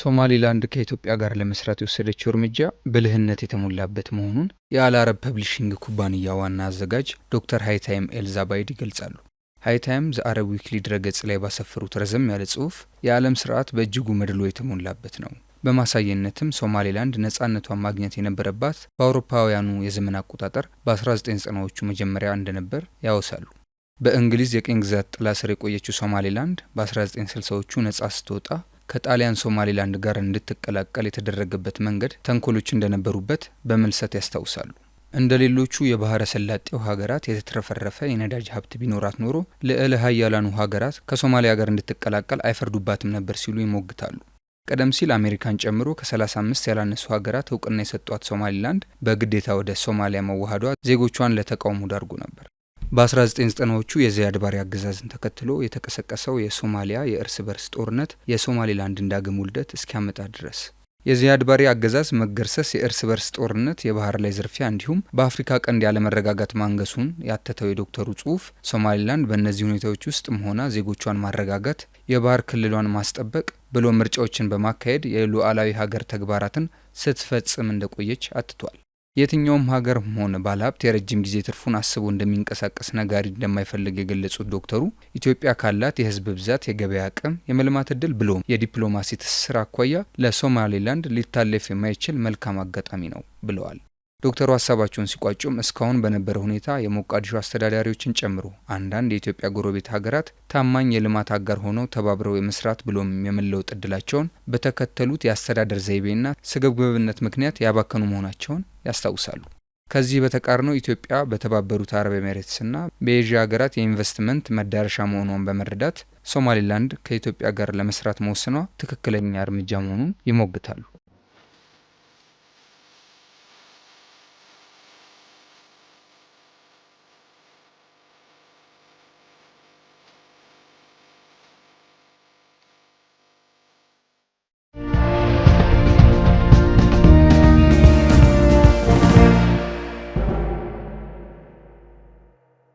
ሶማሊላንድ ከኢትዮጵያ ጋር ለመስራት የወሰደችው እርምጃ ብልህነት የተሞላበት መሆኑን የአልአረብ ፐብሊሽንግ ኩባንያ ዋና አዘጋጅ ዶክተር ሃይታይም ኤልዛባይድ ይገልጻሉ። ሃይታይም ዘአረብ ዊክሊ ድረገጽ ላይ ባሰፈሩት ረዘም ያለ ጽሑፍ የዓለም ስርዓት በእጅጉ መድሎ የተሞላበት ነው በማሳየነትም ሶማሌላንድ ነፃነቷን ማግኘት የነበረባት በአውሮፓውያኑ የዘመን አቆጣጠር በ1990ዎቹ መጀመሪያ እንደነበር ያወሳሉ። በእንግሊዝ የቅኝ ግዛት ጥላ ስር የቆየችው ሶማሌላንድ በ1960ዎቹ ነጻ ስትወጣ ከጣሊያን ሶማሌላንድ ጋር እንድትቀላቀል የተደረገበት መንገድ ተንኮሎች እንደነበሩበት በምልሰት ያስታውሳሉ። እንደ ሌሎቹ የባህረ ሰላጤው ሀገራት የተትረፈረፈ የነዳጅ ሀብት ቢኖራት ኖሮ ልዕለ ሀያላኑ ሀገራት ከሶማሊያ ጋር እንድትቀላቀል አይፈርዱባትም ነበር ሲሉ ይሞግታሉ። ቀደም ሲል አሜሪካን ጨምሮ ከ35 ያላነሱ ሀገራት እውቅና የሰጧት ሶማሊላንድ በግዴታ ወደ ሶማሊያ መዋሃዷ ዜጎቿን ለተቃውሞ ዳርጎ ነበር። በ1990ዎቹ የዚያድ ባሬ አገዛዝን ተከትሎ የተቀሰቀሰው የሶማሊያ የእርስ በርስ ጦርነት የሶማሌላንድን ዳግም ውልደት እስኪያመጣ ድረስ የዚያድ ባሬ አገዛዝ መገርሰስ፣ የእርስ በርስ ጦርነት፣ የባህር ላይ ዝርፊያ እንዲሁም በአፍሪካ ቀንድ ያለመረጋጋት ማንገሱን ያተተው የዶክተሩ ጽሁፍ ሶማሌላንድ በእነዚህ ሁኔታዎች ውስጥም ሆና ዜጎቿን ማረጋጋት፣ የባህር ክልሏን ማስጠበቅ ብሎ ምርጫዎችን በማካሄድ የሉዓላዊ ሀገር ተግባራትን ስትፈጽም እንደቆየች አትቷል። የትኛውም ሀገር ሆነ ባለሀብት የረጅም ጊዜ ትርፉን አስቦ እንደሚንቀሳቀስ ነጋሪ እንደማይፈልግ የገለጹት ዶክተሩ ኢትዮጵያ ካላት የህዝብ ብዛት፣ የገበያ አቅም፣ የመልማት እድል ብሎም የዲፕሎማሲ ትስስር አኳያ ለሶማሌላንድ ሊታለፍ የማይችል መልካም አጋጣሚ ነው ብለዋል። ዶክተሩ ሀሳባቸውን ሲቋጩም እስካሁን በነበረ ሁኔታ የሞቃዲሾ አስተዳዳሪዎችን ጨምሮ አንዳንድ የኢትዮጵያ ጎረቤት ሀገራት ታማኝ የልማት አጋር ሆነው ተባብረው የመስራት ብሎም የመለወጥ እድላቸውን በተከተሉት የአስተዳደር ዘይቤና ስግብግብነት ምክንያት ያባከኑ መሆናቸውን ያስታውሳሉ። ከዚህ በተቃርነው ኢትዮጵያ በተባበሩት አረብ ኤሜሬትስና በኤዥያ ሀገራት የኢንቨስትመንት መዳረሻ መሆኗን በመረዳት ሶማሌላንድ ከኢትዮጵያ ጋር ለመስራት መወሰኗ ትክክለኛ እርምጃ መሆኑን ይሞግታሉ።